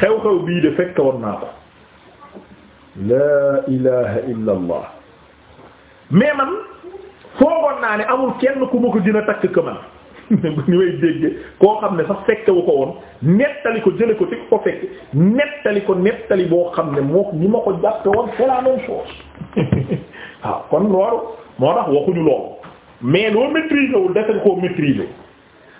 xew-xew bii de fekke woon naa ko laa ilaha illa allah man foogoon naa ne amul kenn ku ma ko dina takk ka man bu ñu way dégge koo xam ne sax fekkewu ko woon nettali ko jële ko ci ko fekk nettali ko nettali boo xam ne moo ñi ma ko jàppe woon c'est la même chose ah, kon loolu moo tax waxuñu loolu mais loo maîtriser wul defe koo maîtriser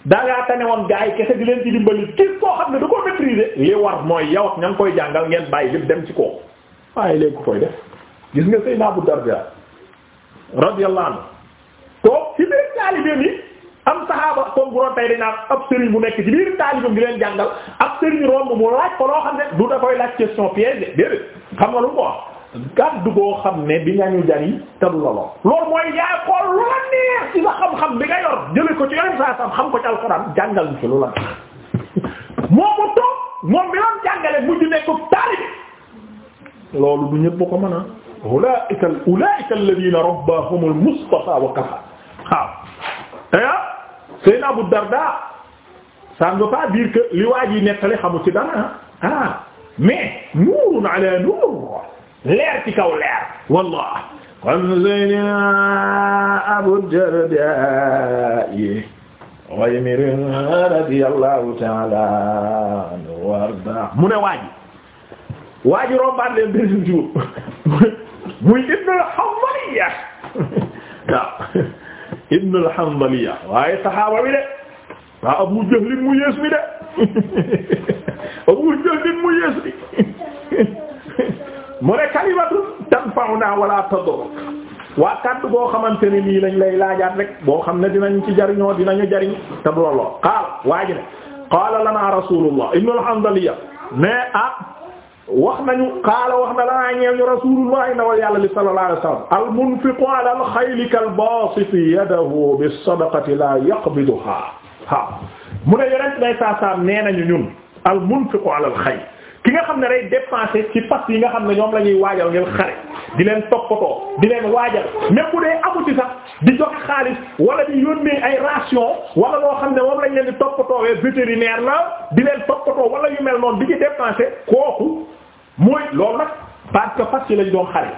dangaa tane woon gars yi kese di leen di dimbali kii koo xam ne da koo maîtriser li war mooy yow ak ña koy jàngal ngeen bàyyi lépp dem ci kooku waaye léegi ko koy def gis nga Seydina Abu Darda radiyallahu anhu toog yi am saxaaba comme bu doon tey bu nekk ci biir taalibeem di leen jàngal ab sëriñ romb mu laaj ko loo xam ne du da koy laaj question piège déedéet xam nga lu mu ko wax gàddu goo xam ne di nga ñu jari te du la lor loolu mooy yaay xool lu la xam-xam bi nga yor jële ko ci yeneen saa ko ci alxuraan jàngal ñu ci lu la neex moo ko toog moom bi doon jàngale mujj nekk taalibe loolu du ñëpp ko mën a ulaika ulaika alladhina rabbahumul mustafa wa kafa waaw taya ah, sayna Abu Darda ça ne veut pas dire que li ji nettali xamu ci dara ah, ah. mais leer ci kaw leer wallah kon Seydina Abu Darda yi Uwaymir radiyallahu ta'ala anhu warda mu ne waaji waaji rombaat leen benn jour muy Ibn al-Hanbaliya waaw Ibn al-Hanbaliya waaye saxaaba bi de waaw Abu Jahl mu yees mi de Abu Jahl mu yees mi mu ne kalimatun tanfa'una wala tadur waa kaddu boo xamante ne nii lañ lay laajaat rek boo xam ne dinañ ci jariñoo dinañu jariñ te du loolu qaal waa ji ne qaala lana rasulullah ibnu al-Hanzaliya mais ah wax nañu qaala wax na lanaa ñeew ñu rasulullah ndawal yàlla li sallallahu alayhi wasallam al-munfiqu ala al-khayli kal-baasiti yadahu bis-sadaqati la yaqbiduha ha mu ne yonent nay saa saa nee nañu ñun al-munfiqu ala al-khayl ki nga xam ne day dépenser ci fas yi nga xam ne ñoom la ñuy waajal ngeen xare di leen toppatoo di leen waajal mais bu dee amu ci sax di joxe xaalis wala di yónnee ay ration wala loo xam ne moom lañ leen di wee vétérinaire na di leen toppatoo wala yu mel noonu di ci dépenser kooku mooy loolu nag parce que fas yi lañ doon xare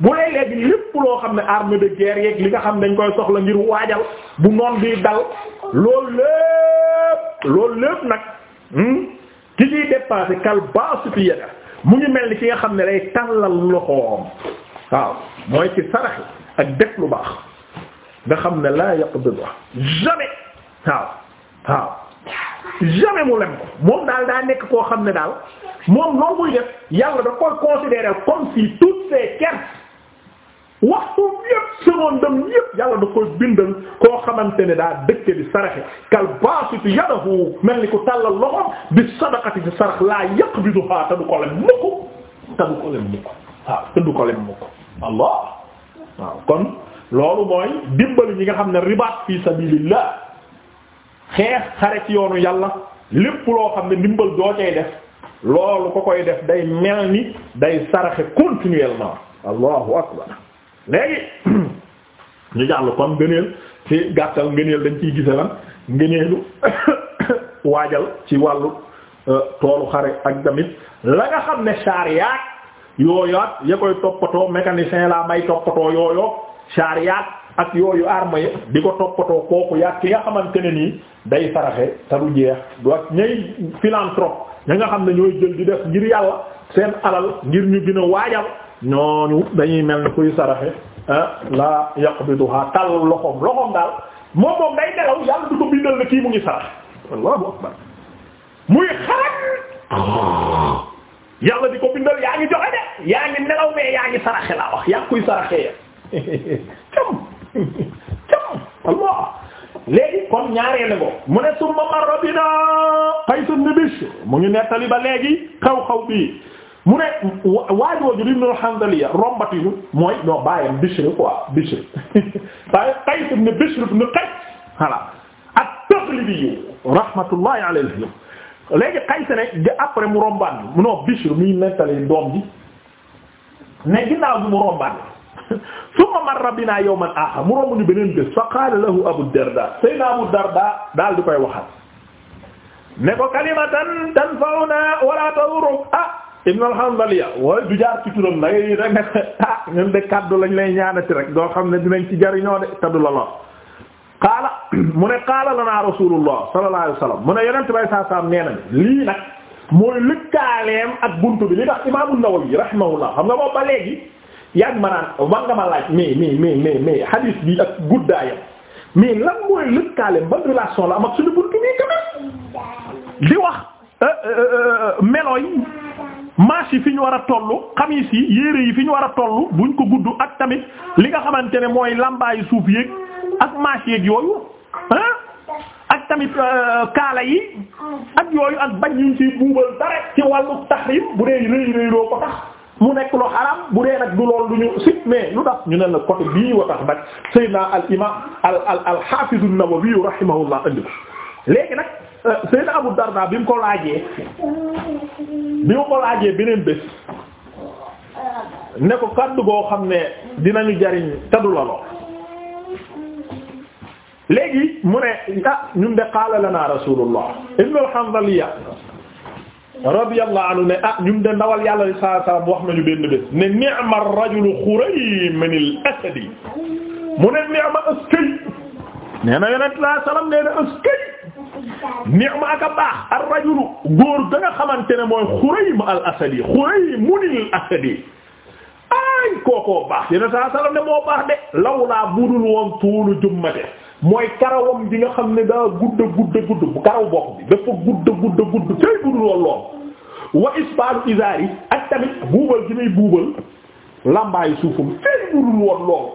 bu dee léegi lépp loo xam ne arme de guerre yeeg li nga xam ne dañ koy soxla ngir waajal bu noon bi dal loolu lépp loolu lépp nag. Hmm? ki ciy dépensé kal baasitu yada mu ngi mel ni ki nga xam ne lay tàllal loxoom waaw mooy ci sarax ak def lu baax nga xam ne laa yaqbidu jamais waaw waaw jamais mu lem ko moom daal daa nekk koo xam ne daal moom loolu muy def yàlla da koy considérer comme si toutes ces kerses waxtu yépp secondam yépp yàlla da koy bindal koo xamante ne daa dëkk di saraxe kal yadahu mel ni ku tàllal loxom bi sadaqati ci sarax laa yaqbiduha te du ko lem mukk te du ko lem mukk te du ko lem mukk allah waaw kon loolu mooy dimbali ñi nga xam ne ribaat fi sabilillah xeex xare ci yoonu yàlla lépp loo xam ne dimbal doo cay def loolu ko koy def day mel ni day saraxe continuellement allahu akbar léegi ñu jàll kon ngëneel ci gàttal ngëneel dañ ciy gise lan ngëneelu waajal ci wàllu euh, toolu xare ak tamit la nga xam ne chariat yooyaat ya koy toppatoo mécanicien laa may toppatoo yooyo chariat ak yooyu arme yi di ko toppatoo kooku yaat ki nga xamante ne nii day saraxe te jeex du ak ñay ña nga xam ne ñooy jël di def ngir yàlla seen alal ngir ñu gën a waajal ñooñu dañuy mel ni kuy saraxe ah, la yaqbiduha tal loxoom loxoom daal moom moom day nelaw yàlla du ko bindal na kii mu ngi saraxe allahu akbar muy xarat ah. yàlla di ko bindal yaa ngi joxe de yaa ngi nelaw mais yaa ngi saraxe laa wax yaa kuy saraxe ya cam cam allah léegi kon ñaareele ko mu ne summa marra bina Qays ibn mu ngi nettali ba léegi xaw xaw bi mu ne waajooju di nul Hanzaliya rombatiñu mooy non bàyyam Bishr quoi Bishr waaye Qays ibn Bishr ibn Qays voilà at-Taghlibi rahmatullahi alayhi mu rombaat bi non Bishr muy nettali doom ne ginnaaw bi mu rombaat summa marra binaa yawman mu romb ñu beneen bés fa Abu Darda Seydina Abu Darda daal di koy waxaat ne ko kalimatan tanfa'una wala tadurru ah ibn al-Hanbaliya waaye du jaar ci turam da ngay rek ne ah ñun de kaddu lañ lay ñaanati rek doo xam ne dinañ ci jariñoo de kaddu la lool. qaala mu ne qaala lanaa rasulullah sallallahu alayhi wa sallam mu ne yonent bay saa saam nee nañ lii nag mooy lëkkaaleem ak buntu bi li tax imaamu Nawawi rahimahullah xam nga moo ba léegi yaa ngi ma naan man nga bi ak guddaayam mais lan ban relation la am ak suñu buntu bi quand même di wax euh, euh, euh, melo marche yi fi ñu war a toll xamis yi yére yi fi ñu war a toll buñ ko gudd ak tamit li nga xamante ne mooy lambaayu suuf yéeg ak marche yeeg yooyu ah ak tamit euh, kaala yi ak yooyu ak bañ ñu ci buubal dara ci wàllu tahrim bu dee rëy rëy doo ko tax mu nekk lu xaram bu dee nag du loolu du ñu sit mais lu tax ñu ne la côté bii wa tax nag sayyidina al imam al al al hafiz an-Nawawi rahimahullah andi ko léegi nag Euh, Seydina Abu Darda bi mu ko laajee bi mu ko beneen bés ne ko kaddu goo xam ne dinañu jariñ taddu la lool léegi mu ne ñu ah, ñun de qaala lana rasulullah ibn al-Hanzaliya radiyallahu anhu ne ah ñun de ndawal yàlla sallallahu alayhi wasallam wax nañu benn bés ne ni'ma ar-rajulu Khurayman al-Asadi mu ne ni'ma na yonent sallallahu alayhi wasallam nee ni'ma a baax ar rajulu góor da xamante ne mooy Xuraym al asadi Xuraymunil asadi ay kookoo baax yéen saa salaam moo baax de lawlaa budul woon tuulu jummate mooy karawam di nga xam ne daa gudda gudda gudda karaw bopp bi dafa gudda gudda gudda tey budul woon lool wa isbaalu izaari ak tamit buubal gi muy buubal lambaayu suufam tey budul woon lool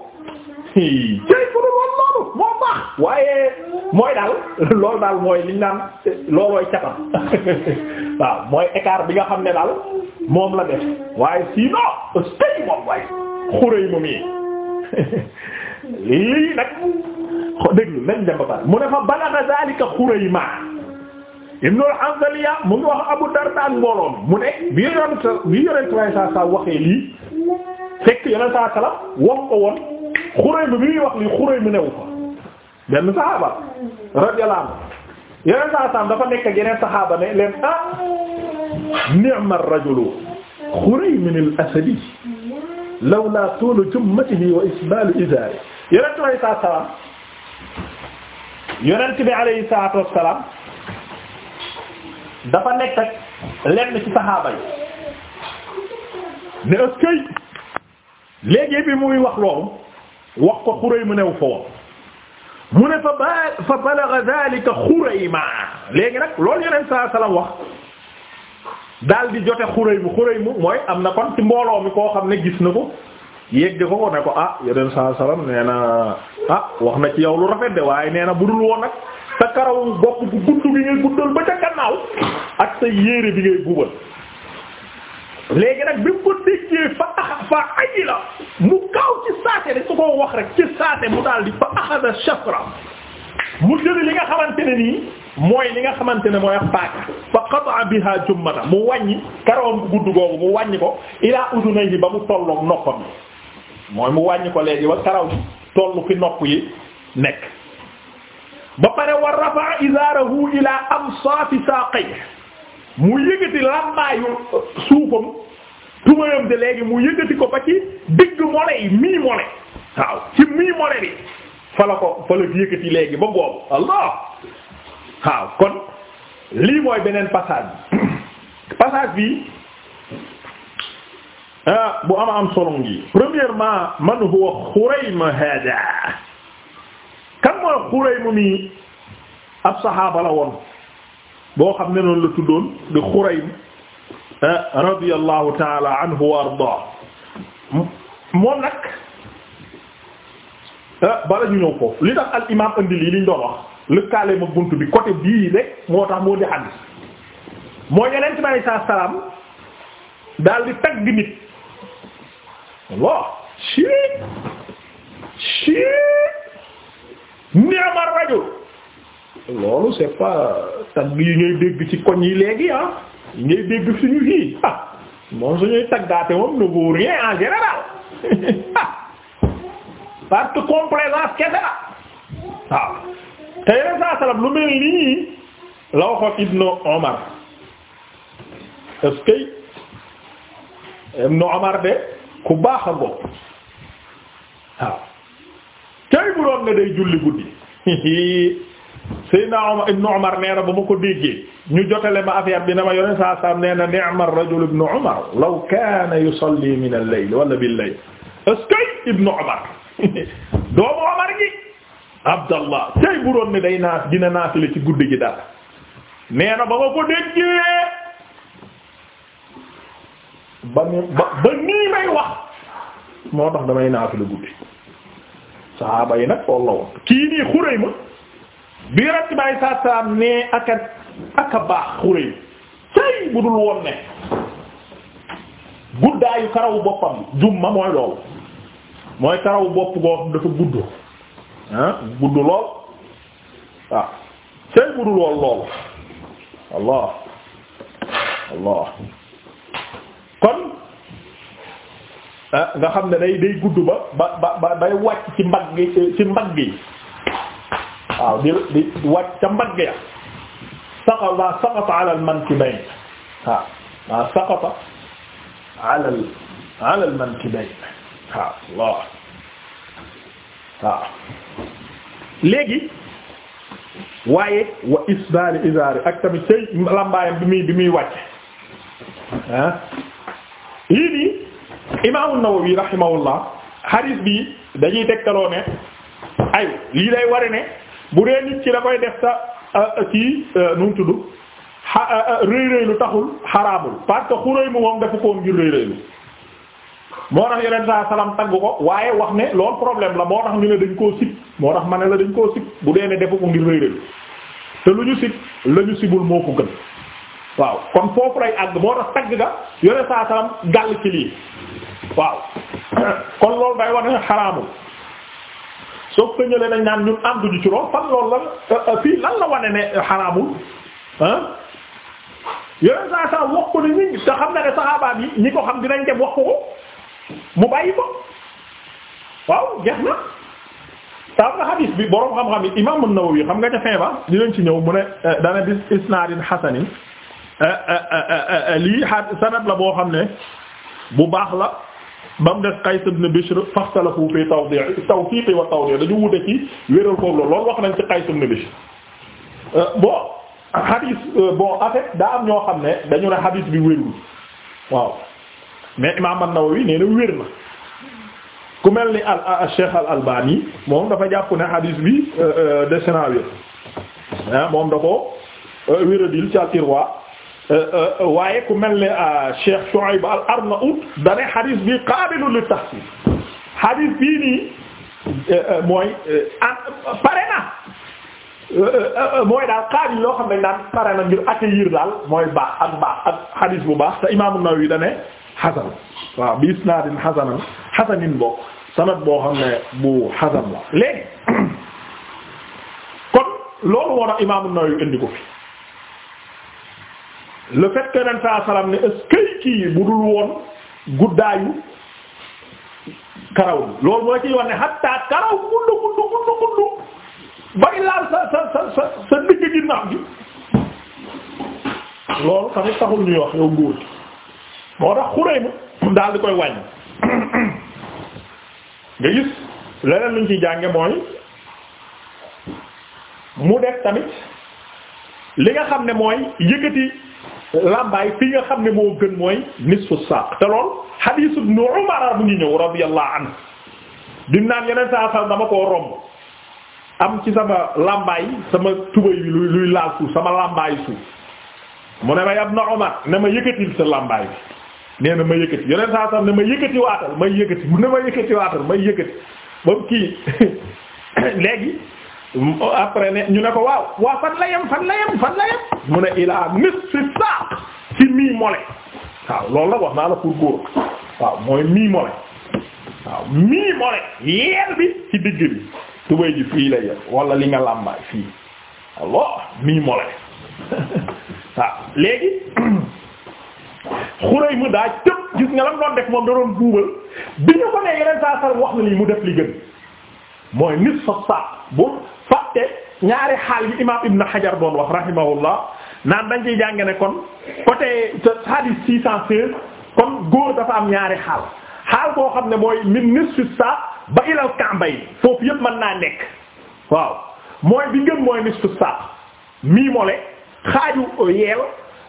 tey ku dul woon loolu moo baax waaye mooy daal loolu daal mooy liñ naan loolooy catam waaw mooy écart bi nga xam ne daal moom la def waaye sinon tey moom waaye xurey moom yi lii nag déglu nañ dem mu ne fa balaga zalika xurayma ibnu al-Hanzaliya mu ngi wax Abu Darda ak mbooloo mu ne bi yonent bi yonent saa saa waxee lii fekk yonent saa sala wax ko woon xurey bi bi ñuy wax li xurey bi newu fa benn saxaaba radiyallahu anhu yeneen saxaaba dafa nekk ak yeneen saxaaba ne leen ah ni'ma ar-rajulu xuraymin al-asadi lawlaa tuulu jummatihi wa isbaalu izaarihi yonent bi alayhi salaatu wa salaam yonent bi alayhi salaatu wa salaam dafa nekk ak lenn ci saxaaba yi ne ëskay léegi bi muy wax loolu wax ko Xurayma new fa woon mu ne fa ba fa balagha dhalika Xurayma léegi nag lool yeneen saa salaam wax daal di jote Xurayma Xurayma mooy am na kon ci mbooloo mi koo xam ne gis na ko yegg ko ko ne ko ah yeneen saa salaam nee na ah wax na ci yow lu rafet de waaye nee na budul woon nag sa karawu bopp bu gudd gi ngay guddal ba ca gannaaw ak sa yéere bi ngay gubal. léegi nag bi mu ko déggee fa axa fa aji la mu gaaw ci saase dañ ko wax rek ci saase mu daal di fa axada shafra mu jëli li nga xamante ne nii mooy li nga xamante ne mooy ak paaka fa qata'a biha jummata mu wàññi karawam bu gudd googu mu wàññi ko ila udunayhi ba mu tolloog noppam yi mooy mu wàññi ko léegi ba karaw tollu fi nopp yi nekk ba pare wa rafa'a izarahu ila amsafi saqayhi mu yëgati làmbaayu suufam tumayam de léegi mu yëgati ko ba ci digg mole yi mii mole waaw ci mii mole bi fa la ko fa la yëkkati léegi ba boobu allah waaw kon lii mooy beneen passage bi passage ah bu ama am solo ngi premièrement man huwa Xuraym hada kan mooy Xuraym mi ab saxaaba la woon boo xam ne noonu la tuddoon di Xuraym ah, radiyallahu taala anhu wa ardaa moom nag ah, bala ñu ñëw ko li tax al imaam indi lii liñ doon wax lëkkaale ma bunt bi côté bii rek moo tax moo di xadis mooy yeneen ci bari saa salaam daal di tagg nit Allah ci ci ni'ma rajul loolu c'est pas tagg yi ngay dégg ci koñ yi léegi ah yi ngay dégg suñu fii ah moom suñuy taggaate moom ne vaut rien en général ah parce que complaisance kese la ah. te yeneen saa salam mel nii la waxoon Ibnu Omar est-ce que Omar de ku baax a bopp waaw ah. tey bu doon ne day julli Seydina Omar ibn Omar ba ma ko déggee ñu jotale ma affaire bi na ma yoneen saa saam nee na ni'ma ar-rajul ibn Omar law kaana yusalli min al wala bi layl askay ibn Omar doomu Omar gi Abdallah tey bu ne day naas dina naafile ci guddi gi dara nee na ba ma ko déggee ba nii may wax moo tax damay naafile guddi saxaaba yi nag loolu la woon kii bi yonent bi alayhi salaatu salaam ne aka aka baax Xurayb tey bu dul woon ne guddaayu karawu boppam jumma mooy loolu mooy karawu bopp goo dafa gudd ah gudd lool waaw ah, tey bu dul woon loolu allah allah kon ah, nga xam ne day day gudd ba ba ba day wàcc ci mbagg ci mbagg yi waaw di di wàcc ca mbagg ya saqa wa saqata ala al mankibayn waaw wa saqata ala al ala al mankibayn waaw Allah waaw léegi waaye wa isbali izari ak tamit sëy lambaayam bi muy bi muy wàcc ah lii nii imaamu Nawawi rahimahullah hadith bi dañuy tegtaloo ne ay lii day ware ne bu dee nit ci da koy def ta euh, euh, kii euh, nu mu tudd xa rëy rëy taxul xaraamul parce que xurëy mu moom dafa ko woon ngir rëy rëy moo tax yeneen saa salaam tagg ko waaye wax ne lool problème la moo tax ñu ne dañ koo sib moo tax ma ne la dañ koo sib bu dee ne defu ko ngir rëy rëy te lu ñu sib la sibul moo ko gën waaw kon foofu lay àgg moo tax tagg ga yeneen saa salaam gàll ci waaw kon loolu day wax ne xaraamul sauf que ñële naan ñun am ci lool fan loolu la euh, euh, fii lan la wane ne xaraamul ah yeneen saa saa wax ko ni nit te xam na ne saxaabaam yi ñi ko xam dinañ dem wax ko mu bàyyi ko waaw jeex na saa nga xadiis bi boroom xam-xam yi imaam an-Nawawi xam nga ca fin ba dinañ ci ñëw mu ne euh, dana bis isnaadin xasanin lii sanad la boo xam ne bu baax la ba mu def Qays ibn Bishr faxtalafu fi tawdi' tawfiiqi wa tawdi' dañu wute ci wéral foofu loolu wax nañ ci Qays ibn Bishr euh, bon hadith euh, bon en daa am ñoo xam ne dañu ne hadith bi wérul waaw mais imaam an-Nawawi nee wér na ku mel ni al al Cheikh al Albani moom dafa jàpp ne hadith bi desena wér ah moom da euh, wéradil ci Euh, euh, waaye ku mel ne euh, Cheikh Shu'ayb al-Arnaout da ne bi qaabilu li tahsin hadith bii nii mooy pare na mooy daal qaabil loo xam ne naan pare na ngir accueillir daal mooy baax ak baax ak hadith bu baax te Imaam An-Nawawi da ne hasan bi isnaadin hasanan hasanin boo sanad boo xam bu hasan la léegi kon loolu moo tax Imaam An-Nawawi indi ko le fait que ren saa salaam ne est-ce bu dul woon guddaayu karaw loolu moo ciy wax ne hatta karaw gudd gudd gudd gudd laal sa sa sa sa sa digg ginnaaw gi loolu tamit taxul ñuy wax yow góor moo tax xuree ma daal di koy wàññi nga gis leneen luñ ci jànge mooy mu def tamit li nga xam ne mooy yëkkati. lambaay fi nga xam ne moo gën mooy nisfu saaq te lool hadith ibn Umar bu ngi ñëw radiyallahu anhu di naan yeneen saa sal dama koo romb am ci sama làmbaay sama tubay bi luy luy laal suuf sama lambaay suuf mu ne ma yab na Umar ne ma yëkkatil sa lambaay bi nee na ma yëkkati yeneen saa sal ne ma yëkkati waatal may yëkkati mu ne ma yëkkati waatal may yëkkati ba mu kii léegi après ne ñu ne ko waaw waaw fan la fan la mu ne ilaa nisfi saaq ci mi mole waaw loolu nag wax naa la pour góor waaw mooy mi mole waaw mi mole yeer bi ci digg bi tubay ji fii la yem wala li nga làmbaay fii alors mi mole waaw léegi xuray mu daa tëb gis nga lam doon def moom da doon buubal bi ñu ko ne yeneen saa sal wax na lii mu def li gën mooy nit fa sa bu fàtte ñaari xaal yi imam Ibn Hajar doon wax rahimahullah naan dañ ciy jànge ne kon côté hadith six cent seize kon góor dafa am ñaari xaal xaal boo xam ne mooy min nisfi sa ba ilal kàmba yi foofu yëpp mën naa nekk waaw mooy bi ngeen mooy nisfi sa mii mole xaaju yeel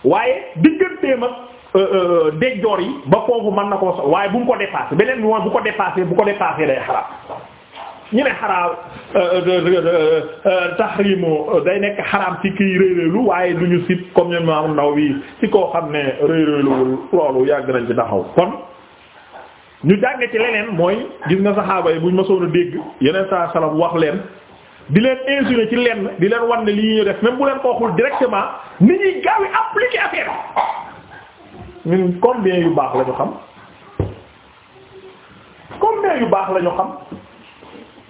waaye digganteem ak euh, euh, dejjoor yi ba foofu mën na koo so waaye bu mu ko dépassé beneen bi mooy bu ko dépassé bu ko dépassé day xaraam ñu ne xaraam euh, euh, tahrimu day nekk xaraam ci kii réeréelu waaye du ñu sib comme ñu maamu ndaw bi ci koo xam ne réeréeluwul loolu yàgg nañ ci taxaw kon ñu jànge ci leneen mooy gis nga saxaaba yi bu buñ ma soon a dégg yeneen saa salaam wax leen di leen insulé ci lenn di leen wan ne li ñu def même bu leen koo waxul directement ni ñuy gaawi appliquer affaire ñun yu baax la ñu xam combien yu baax la xam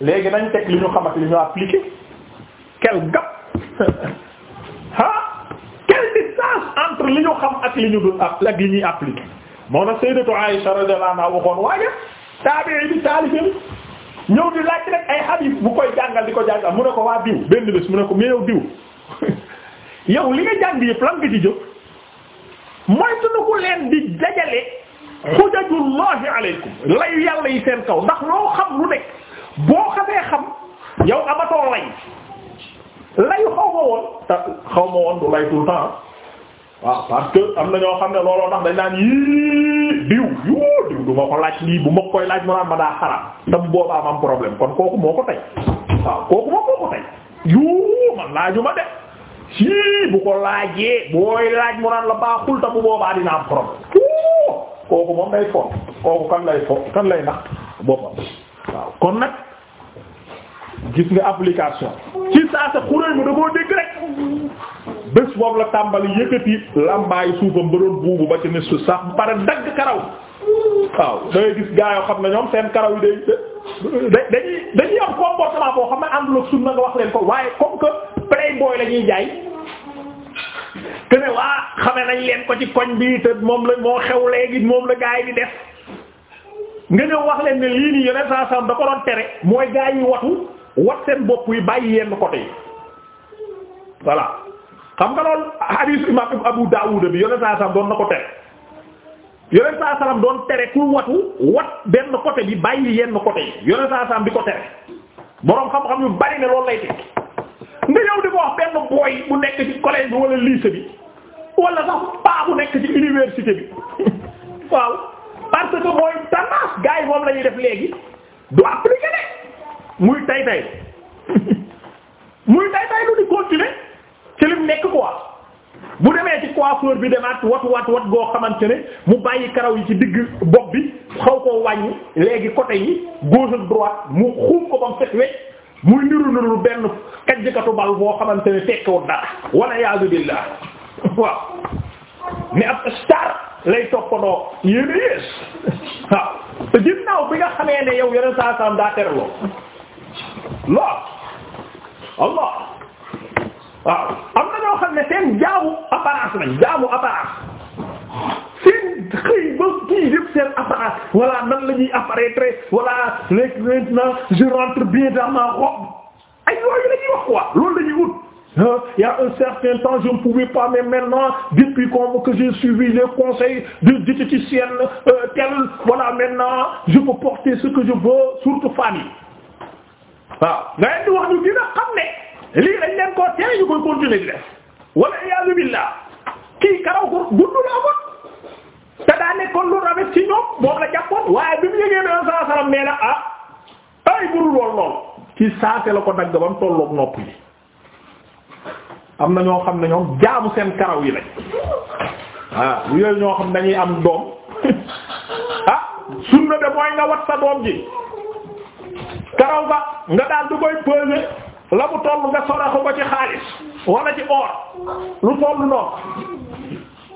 léegi dañ teg li ñu xam ak li ñu appliqué quel gap ah quelle distance entre li ñu xam ak li ñu dul ak moo na sayyidatu Aisha radiyallahu anha waxoon waaye tabi'i bi taalibe bi ñëw di laaj rek ay hadith bu koy jàngal di ko jàngal mu ne ko waa diw benn bés mu ne ko mais yow diw yow li nga jàng yëpp lan nga ci jóg mooy sunu leen di dajale xujajullahi alaykum layu yàlla yi seen kaw ndax loo xam lu nekk boo xamee xam yow amatoo lay layu xaw ma woon te xaw ma woon du lay tout le temps waaw parce na ñoo xam ne looloo tax dañ naan yii diw yuu diw du ko laaj lii bu ma koy laaj mu naan ma daa xaraam te bu boobaa ma am kon kooku moo ko tey waaw moo ko tey yuu man laaju ma de sii bu ko laajee booy laaj mu naan la baaxul te bu boobaa dina am problème kooku moom day fo kan lay fo kan lay nax boppam waaw kon nag gis nga application ci saa sa xuree mu da koo dégg rek bés boobu la tàmbali yëkkati lambaayu suufam ba doon buubu ba ci ne su sax pare dagg karaw waaw da gis gaayo xam ne ñoom seen karaw yi day dañuy dañuy am comportement boo xam ne àndul ak sunna nga wax leen ko waaye comme que playboy la ñuy jaay que ne waa xame nañ leen ko ci koñ bi te moom lañ moo xew léegi moom la gaa yi di def. nga ñëw wax leen ne lii nii yeneen saa saam da ko doon tere mooy gaa watu wat seen bopp yi bàyyi yenn côté yi voilà xam nga loolu hadith imam Abu na ko tere yeneen saa saam doon côté yi yeneen saa saam bi ko tere boroom xam yu bari ne loolu lay teg nga ñëw di ko wax benn boy bu nekk ci collège bi wala lycée bi wala sax paa nekk ci université bi waaw. parce que mooy tendance gaay yi moom la def léegi du appliquer ne muy tay tay muy tay tay lu di continuer ci lim nekk quoi bu demee ci coiffeur bi demaat wat wat wat goo xamante ne mu bàyyi karaw yi ci digg bopp bi xaw ko wàññi léegi côté yi gauche ak droite mu xuum ko bam fet wecc muy niru niru benn kajjkatu bal boo xamante ne tekkiwul dara wala yaazu billah waaw mais ab star lay toppandoo yéen a yées waaw te ginnaaw bi nga xamee ne yow yeneen saa saam daa tere lool lool Allah waaw am na ñoo xam ne seen jaamu apparence lañ jaamu apparence seen xëy ba kii yëpp seen apparence voilà nan la ñuy apparaître voilà léegi maintenant je rentre bien dans ma robe ay yooyu la ñuy wax quoi wut. il y a un certain temps je ne pouvais pas maintenant depuis comme que j'ai suivi les conseils de diététicienne euh, telle voilà maintenant je peux porter ce que je veux surtout famille waaw nga leen di wax ñu dina xam ne lii dañ leen koo tere ñu koy continuer di def wala iyaazu billah kii karaw ko gudd laa ko te daa nekkoon lu rafet ci ñoom moom la jàppoon waaye bi mu yëgee ne sallallahu alayhi wasallam nee na ah ay buru lool lool ci saase la ko dagg ba mu tolloog am na ñoo xam ne ñoom jaamu seen karaw yi lañ ah yooyu ñoo xam dañuy am doom ah sunna de mooy nga wat sa doom ji karaw ba nga daal du koy peser la mu toll nga sora ko ci xaalis wala ci or lu toll noonu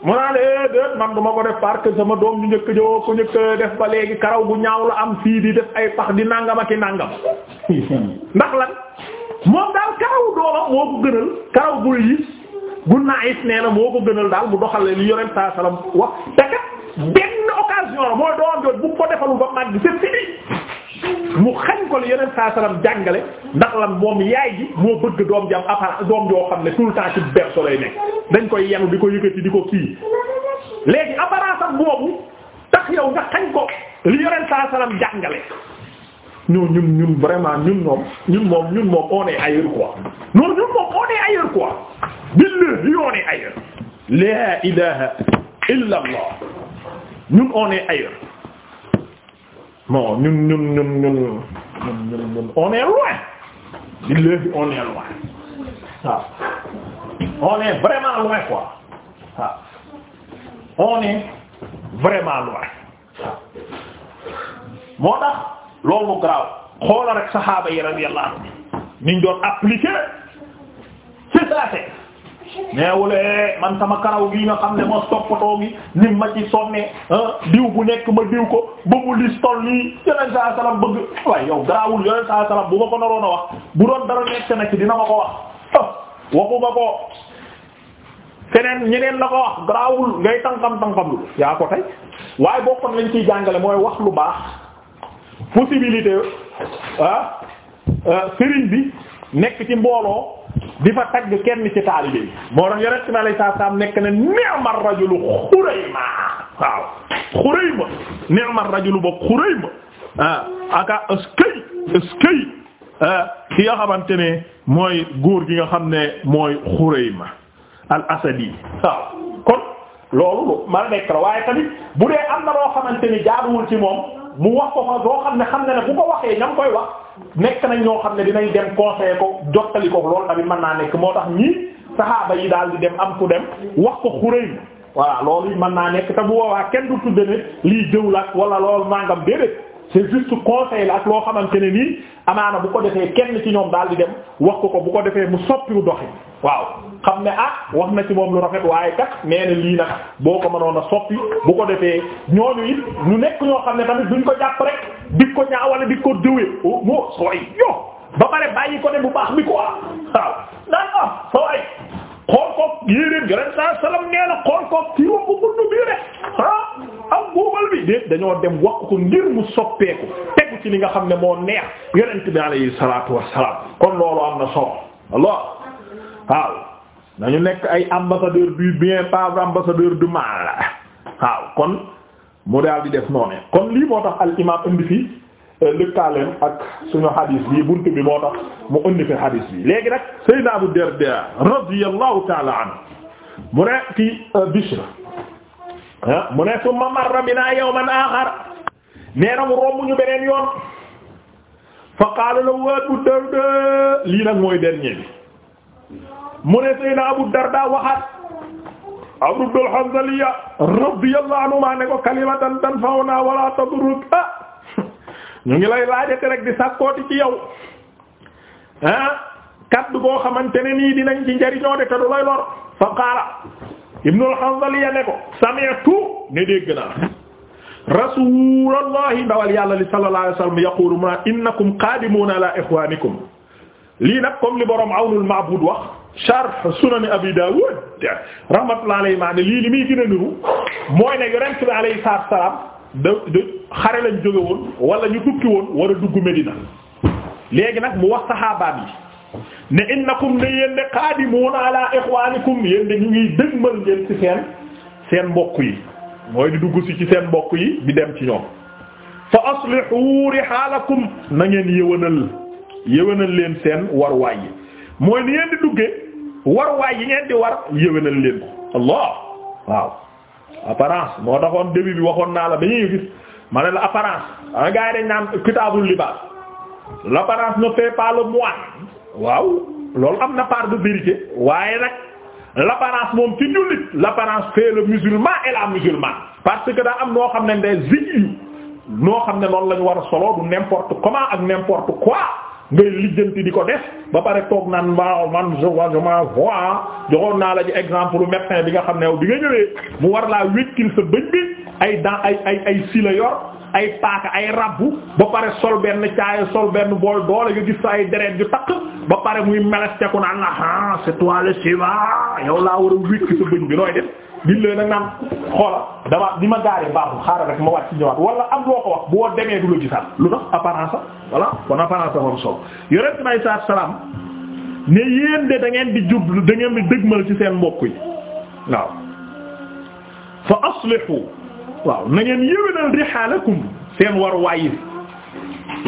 mu naa ne eh, déet man duma ko def parce sama doom ñu njëkk joo ko njëkk def ba léegi karaw bu ñaaw la am fii di def ay pax di nàngama ki nàngam ndax lan moom daal karaw doomam moo ko gënal karaw bu liis bu naayis nee na moo ko gënal daal mu doxalee li yonent saa salaam wax te kat benn occasion la mooy doom jot bu ko defalul ba mag c'est fini mu xañ ko li yonent saa jàngale ndax la moom yaay ji moo bëgg doom ji am appareil doom joo xam ne tout le temps ci berceau lay nekk dañ koy yenu di ko yëkkati di ko kii léegi apparence am boobu tax yow nga xañ ko li yonent saa salaam jàngale. ñoo ñun ñun vraiment ñun moom ñun moom ñun moom on est ailleurs quoi non ñun moom on est ailleurs quoi billahi on est ailleurs la ilaha illa allah ñun on est ailleurs bon ñun ñun ñun ñun ñun ñun on est loin billahi on est loin waaw ah. on est vraiment loin quoi waaw ah. on est vraiment loin ah. moo tax loolu mu garaaw xoola rek saxaaba yi radiyallahu anhu niñ doon appliquer ci saate man sama karaw gi nga xam ne ma toppatoo gi ni ma ci sonne ah, diw bu nekk ma diw ko ba mu lis nii yeneen saa salaam bëgg waaye yow garaawul yeneen saa salaam bu ma ko naroon a wax bu doon dara nekk na ci dina ma ko wax ah, waxu ko feneen ñeneen la ko wax garaawul ngay tànkam tànkam lu yaa ko tey waaye bokkoon lañ ciy jàngale mooy wax lu baax possibilité ah euh, sëriñ bi nekk ci mbooloo di fa tagg kenn ci taalibe yi moo tax yonent bi alayhi salaam nekk ne ni'ma rajulu xurayma waaw xurayma ni'ma rajulu ba xurayma ah aka eskay eskay ah, ki nga xamante ne mooy góor gi nga xam ne mooy xurayma al asadi waaw kon loolu lu man nekk la waaye tamit bu dee am na loo xamante ni jaaduwul ci moom mu wax ko ko doo xam ne xam ne ne ku ko waxee ña koy wax nekk nañ ñoo xam ne dinañ dem conseiller ko jottali ko loolu tamit mën naa nekk moo tax ñii saxaaba yi daal di dem am ku dem wax ko Xuraym waaw loolu mën naa nekk te bu boobaa kenn du tudde ne lii jëw la wala loolu màngam déedéet. c'est juste conseil la ak loo xamante ne nii amaana bu ko defee kenn ci ñoom daal di dem wax ko ko bu ko defee mu soppiwu doxi waaw xam ne ah wax na ci moom lu rafet waaye kat nee na lii nag boo ko manoon a soppi bu ko defee ñooñu yi ñu nekk ñoo xam ne tamit duñ ko jàpp rek di ko ñaawale di ko dëwee moo sooy yo ba pare bàyyi ko de bu baax bi quoi waaw naan ah sooy xool ko yéréen gren sa salam nee na xool ko ci wam am buubal bi déet dañoo dem wax ko ngir mu soppeeku tegu ci li nga xam ne moo neex yonent bi alayhi salaatu wassalaam kon loolu am na solo alors waaw nañu nekk ay ambassadeur du bien pas ambassadeur du mal waaw kon mu daal di def noonu kon lii moo tax al imaam indi fi euh, lëkkaaleen ak suñu hadis bi buntu bi moo tax mu indi fi hadis bi léegi nag sayyidina Abu Darda radiyallahu ta'ala anhu mu ne ci euh, Bishr mu ne summa marra binaa yawman aaxar nee na mu romb ñu beneen yoon fa qaala lahu Abu Darda lii nag mooy dernier bi mu ne Seydina Abu Darda waxaat Abdul Hanzaliya radiyallahu anhu maa ne ko kalimatan tanfa'una wala tadurruk ah ñu ngi lay laajate rek di sàkkooti ci yow goo kaddu boo xamante ne nii dinañ ci njariñoo de du lay lor fa qaala ibnul Hanzaliya ne ko sami'tu ne dégg naa rasulullahi ndawal yàlla li sallallahu alayhi wasallam yaqulu mu naa innakum qaadimuna ala ikhwanikum lii nag comme li borom awnul ma'bud wax sharh sunan abi dawud rahmatullahi alayhi maa ne lii li muy gën a niru mooy ne yonent bi alayhi salaatu wa salaam da da xare lañ jóge woon wala ñu tukki woon war a dugg Medina léegi nag mu wax saxaabaam yi ne innakum ne yéen de qaadimuuna ala ixwaanikum yéen de ñu ngi dëgmal ngeen ci seen seen mbokk yi mooy di dugg si ci seen mbokk yi di dem ci ñoom fa aslihu rihaalakum na ngeen yëwanal yëwanal leen seen warwaay yi mooy ni ngeen di war warwaay yi ngeen di war yëwanal leen ko allah waaw apparence moo taxoon début bi waxoon naa la dañuy gis ma la apparence a ah, gars yi dañ naan kitaabul libaas l'apparence ne fait pas le moine waaw loolu am na part de vérité waaye nag l'apparence moom ci jullit l'apparence fait le musulman et la parce que daa am noo xam ne day zigyu noo xam ne noonu lañu war a solo du n'importe comment ak n'importe quoi ngay lijjanti di ko def ba pare toog naan waaw ma je vois je m'en vois joxoon naa la ci exemple médecin bi nga xam ne yow bi nga ñëwee mu war laa wékkil sa bëñ bi ay daan ay ay ay si yor ay paaka ay rabbu ba pare sol benn caaya sol benn bool doole nga gis ay deret ju takk ba pare muy meles teku naan la ah c'est toi le suivant yow laa war a wékk sa bëñ bi nooy def di leen a naan xoola dama di ma gaaree baaxul xaaral rek ma wàcc ci ñëwaat wala am loo ko wax boo demee du la gisal lu tax apparence voilà kon apparence am solo yore si may saa salaam ne yéen de da ngeen di jub da ngeen di dëgmal ci seen mbokk yi waaw fa aslihu waaw na ngeen yéwénal seen war waay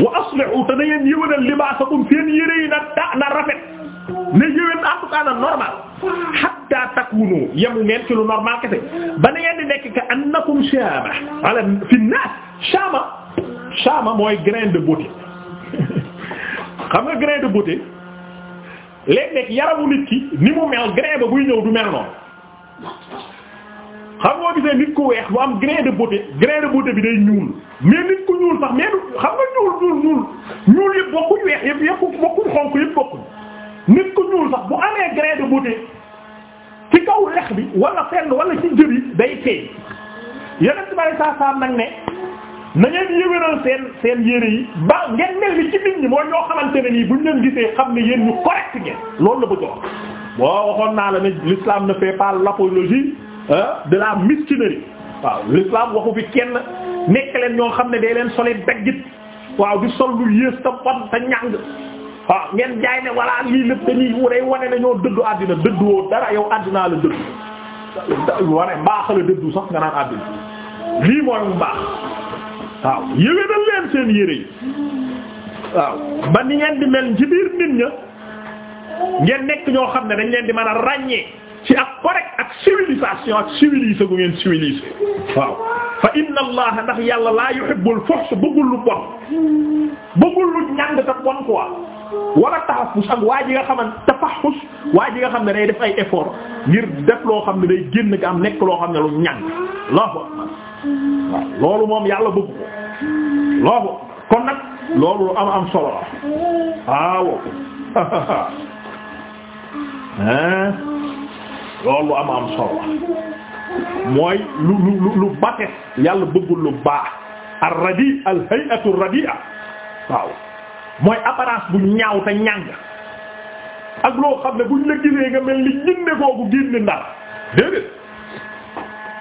wa aslihu te na ngeen yëwénal libaasakum seen yére yi na ta na rafet na yëwén en tout cas na normal hatta takunu yemu ngeen ci lu normal kese ba na ngeen di nekk ka annakum shaama ala fi naas shaama shaama mooy grain de beauté xam nga grain de beauté léeg-léeg yaramu nit ki ni mu mel grain ba buy ñëw du mel noonu xam nga gisee nit ku weex bu am grain de beauté grain bi day ñuul mais nit ku ñuul sax mais xam nga ñuul ñuul ñuul ñuul yëpp bokkuñ weex yëpp yëpp bokkuñ xonk yëpp bokkuñ nit ku ñuul sax bu amee grain de ci kaw lex bi wala fenn wala ci jër yi day feeñ yeneen ci bari saa saa nag ne na ngeen yëwénal seen seen yére yi ba ngeen mel ni ci nit ñi mooy ñoo xamante ne nii buñ leen gisee xam ne yéen ñu correct ngeen loolu la bëgg wax boo waxoon naa la de la miskinerie waaw l'islam waxu fi kenn nekk leen ñoo xam ne day leen soli daggit waaw di sol lu yées ta bon ta ñàng waaw ngeen jaay ne walla lii lépp dañuy day wane ne dëddu àddina dëddu woo dara yow àddinaa la dëddu wane mbaax la dëddu sax nga naan àddina lii mooy mbaax waaw yëwénal leen seen yére yi waaw ba ni ngeen di mel ci nit ña ngeen nekk ñoo xam ne dañ leen di mën a ràññee ci ak correct ak civilisation ak civilisé gu ngeen civilisé waaw fa inna allah ndax yàlla laa yuhibbul fuhsh bëggul lu bon bëggul lu ñàng te bon quoi wala tahafus ak waa ji nga xaman tafahus waa ji nga xam ne day def ay effort ngir def loo xam ne day génn nga am nekk loo xam ne lu ñàng allahu akbar waaw loolu moom yàlla bëgg ko loolu kon nag loolu am am solo la waaw loolu lu am am solo mooy lu lu lu bate yàlla bëggul lu baax al radi al hay'atu radia waaw mooy apparence bu ñaaw te ñàng ak loo xam ne buñ la gisee nga mel ni jinne googu génne ndar déedéet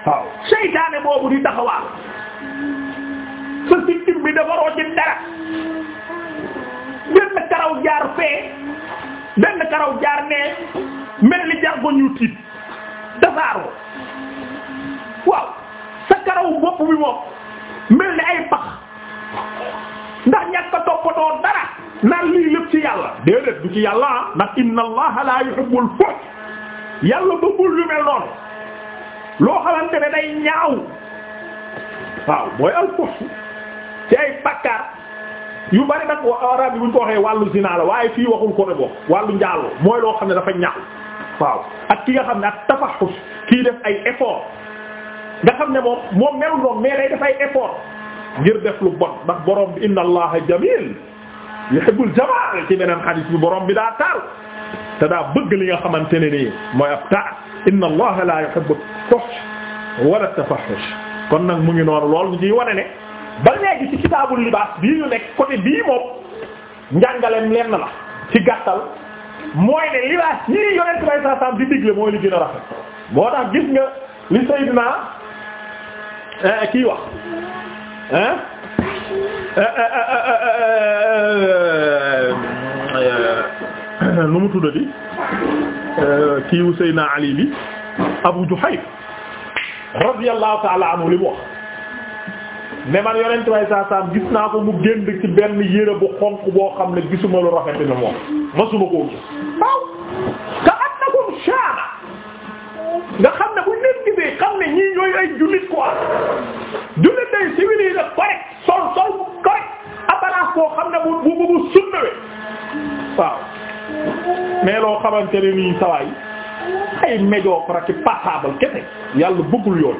waaw seytaane boobu di taxawaal sa sikkim bi defaroo ci dara benn karaw jaar fee benn karaw jaar nee mel ni jar ko ñu tiit tasaaroo waaw sa karaw bopp bi moom mel ni ay pax ndax ñàkk a dara naan lii lépp ci yàlla déedéet du ci yàlla ndax inna allaha la yuhibbul fuhsh yàlla bëggul lu mel noonu loo xamante ne day ñaaw waaw mooy al ci ay bakkaar yu bari nag arab yi buñ ko waxee wàllu zina la waaye fii waxul ko ne bokk wàllu njaaloo mooy loo xam ne dafa ñaaw waaw ak ki nga xam ne kii def ay effort nga xam ne moom moom mel noonu mais day def ay effort ngir def lu bon ndax borom bi inna allaha jamil yuhibbul ci beneen hadith bi borom bi daa taar te daa bëgg li nga xamante ne nii mooy ab taar inna allaha la yuhibbu fuhsh wala tafaxus kon nag mu ngi noonu lool ñu ciy wane ne ba léegi ci kitaabul libaas bii ñu nekk côté bii moom njàngaleem lenn la ci gàttal. mooy ne libaas yii yonent bay saa saam di digle mooy li gën a rafet moo tax gis nga li Seydina eh, eh, kii wax eh, mu tuddati kiiwu Seydina Ali bi Abu Juhayf radiyallahu ta'ala anhu li mu wax ne man yonent bay saa gis naa ko mu génn ci benn yére bu xonq boo xam ne gisuma lu rafet ni masuma koo gis waaw ka annakum shaana nga xam ne bu nit gisee xam ne ñii ñooy ay jullit quoi jullit day civilisé correct sol sol correct apparence koo xam ne bu bu bu sunnawe waaw mais loo xamante ne nii sawaay ay médiocre rek passable kese yooyu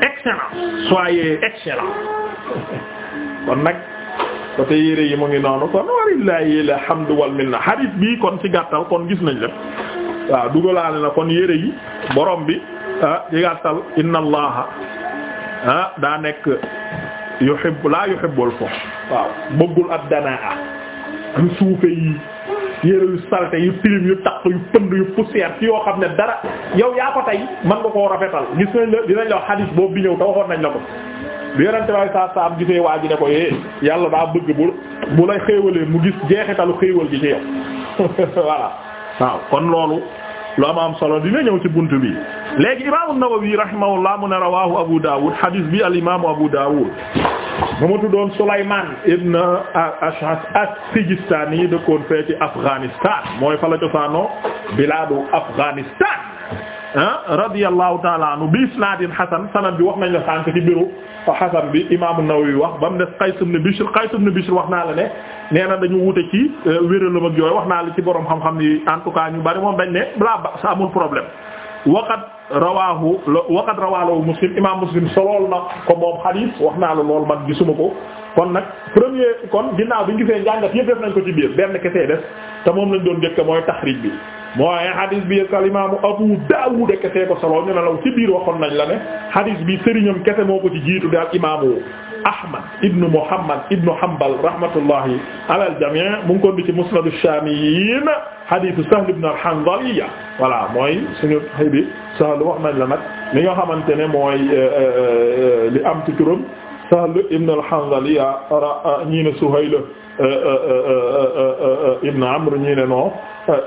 excellent soyez excellent kon nag ko te yére yi mu ngi noonu kon walillahi xamdu wal na hadith bii kon ci gàttal kon gis nañ lépp waaw dugalaale na kon yére yi borom bi ah ci gàttal inna allaha ah, daa nekk yuhibbu laa yuhibbul fuhsh waaw bëggul ab danaa yu suufe yi yére yu salte yu tilim yu taq yu pënd yu poussière ci yoo xam ne dara yow yaa ko tey mën nga koo rafetal gis nañ la dinañ la wax boobu bi ñëw te waxoon nañ la ko bi yonente way sa saam gisee waa ji ne ko yee eh, yàlla daa bëgg bu bu lay xéewalee mu gis jeexitalu xéewal ji ci yow waaw kon loolu lu am am solo dina ñëw ci bunt bi léegi imaamu Nawawi rahimahullah mu ne rawahu Abu Dawud hadis bi al imaamu Abu Dawud mu ma tuddoon Sulaymaan ibn Ash'ath as-Sijistaani dëkkoon fee Afghanistan mooy fa la cosaanoo bilaadu Afghanistan ah radiyallahu ta'ala anhu bi isnaadin hasan sanad bi wax nañ la sànk ci biiru xasan bi imaamu Nawawi wax ba mu des Qays ibn Bishr Qays ibn Bishr wax naa la ne nee na dañu wute ci euh, wéralam ak yooyu wax naa la ci borom xam-xam yi en tout cas bari moom dañ ne balaa ba sa amul problème. waqad rawaahu waqad rawaahu Muslim imaam Muslim solool na ko moom xadiis wax naa la loolu man gisuma ko kon nag premier kon ginnaaw bi ñu gisee njàngat yëpp def nañ ko ci biir benn kese des te moom lañ doon njëkk mooy taxriij bi. mooy hadis bi yëkkal imaamu Abu Dawud kese ko law ci biir waxoon nañ la ne bi sëriñam kese moo ko ci jiitu daal imaamu Ahmad ibnu Muhammad ibnu Hanbal rahmatullahi alal jamii mu ngi ko di ci Musnad ash-Shaamiyiin mooy suñu xëy bi Sahl wax nañ la nag li nga xamante ne mooy euh, euh, euh, li am ci turam Sahl ibn al-Hanzaliyya ñii ne Suhayl ibn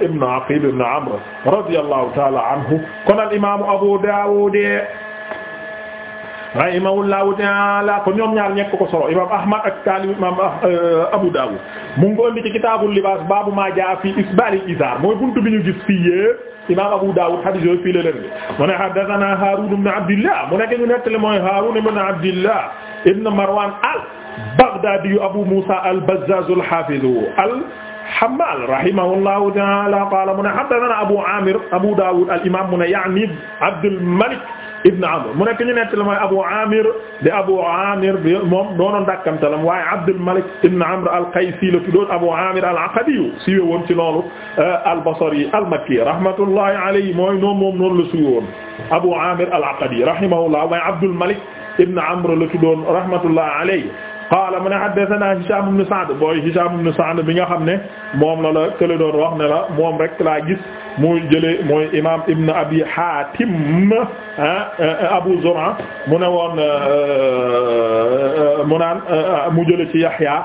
ibn Aqil ibn Amr radiyallahu ta'ala anhu kon al imaamu Abu Dawud rahimahullahu ta'ala ko ñoom ñaar ñekk ko solo imam ahmad ak taalim imam eh, abu dawud mu ngi ko indi ci kitaabul libaas baabu ma jaa fi isbaal al-izaar mooy buntu bi ñu gis fii yépp imam abu dawud hadith yooyu fii la leen mu ne haddathana haarun ibn abdillah mu nekk ñu nettali mooy haarun ibn abdillah ibn marwan al-baghdaadi abu musa al-bazzaaz al-haafiz al Hammaal rahimahullahu ta'ala qaala mu ne haddathana Abu Amir Abu Dawud al imaam mu ne ya'ni Abdul Malik ibn Amr mu nekk ñu nekk la mooy Abu Amir di Abu Amir bi moom doonoon dakkantalam waaye Abdul Malik ibn Amr al-Qaysi la tuddoon Abu Amir al-Aqadi siiwe woon ci loolu euh, al-Basri al-Makki rahmatullahi alayhi mooy noonu moom noonu la siiwe woon Abu Amir al-Aqadi rahimahullah waaye Abdul Malik ibn Amr la tuddoon rahmatullahi alayhi qaala mu ne haddathana Hisham ibn Sa'd booy Hisham ibn Sa'd bi nga xam ne moom la la kële doon wax ne la moom rek laa gis muy jëlee mooy imam Ibn Abi Hatim ah, eh, Abu Zur'a mu ne woon eh, eh, mu naan mu jëlee ci Yahya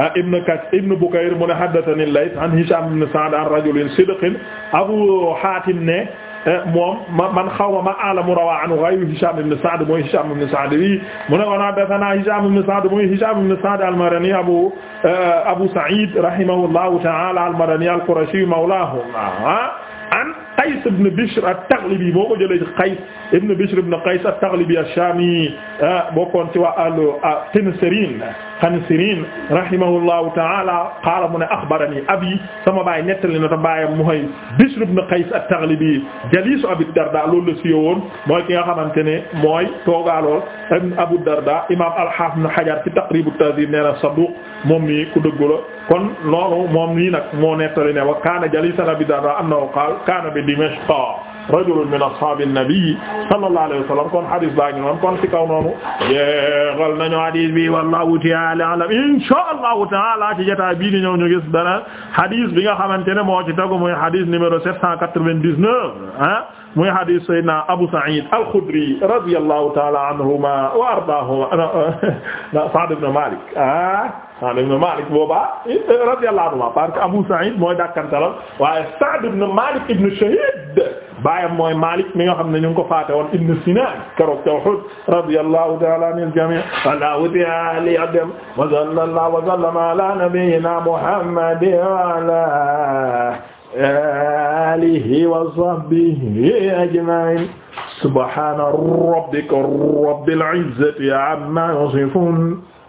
ah, Ibn Kath Ibn Bukayr mu ne haddathani Layth an Hisham ibn Sa'd an rajulin sidqin Abu Hatim ne Eh, moom ma man xaw ma ma alamu rawa anu ghayru Hisham ibn Sa'd mooy Hisham ibn Sa'd bi mu ne ko haddathana Hisham ibn Sa'd mooy Hisham ibn Sa'd al-Marani abu eh, Abu Sa'id rahimahullahu ta'ala al-Marani al-Qurashi mawlahum Qays ibn Bishr at-Taghlibi moo ko jëlee ci Qays ibn Bishr ibn Qays at-Taghlibi ash-Shami ah, bokkoon ci waa ahlu Qinsirin ah, Qinsirin rahimahullahu ta'ala qaala mu ne akhbarani abi sama baay nettali na ta baayam mooy Bishr ibn Qays at-Taghlibi jalisu Abi Darda loolu la siyo woon mooy ki nga xamante ne mooy toogaalool Abu Darda imam al-Hafiz Ibn Hajar ci Taqrib at-Tahdhib nee na saduq moom mii ku dëggu la kon noonu moom nii nag moo nettali ne wa kaana jalisan abi darda annahu qaala kaana bi dimashqa rajulun min ashaabi nabi sallallahu alayhi wa sallam kon hadis baa ngi noonu kon ci kaw noonu yeexal nañu hadis bi wallahu ta'ala alam insha allahu taala ci jotaay bii di ñëw ñu gis dana hadis bi nga xamante ne moo ci tegu muy hadis numéro 799 ah muy hadis sayyidina Abu Sa'id al-Khudri radiyallahu ta'ala anhuma wa ardaahuma Sa'd ibn Malik ah Sa'd ibn Malik boobaa radiyallahu anhu parce que Abu Sa'id mooy dàkkantalam waaye Sa'd ibn Malik ibn Shahid baayam mooy Malik mi nga xam ne ñu ngi ko faate woon ibn Sinan keroog Uhud radiyallahu ta'ala anil jami' Allahu ta'ala adam wa sallallahu wa sallama ala nabiyyina Muhammadin wa ala alihi wa sahbihi ajma'in subhana rabbika rabbil izzati amma yasifun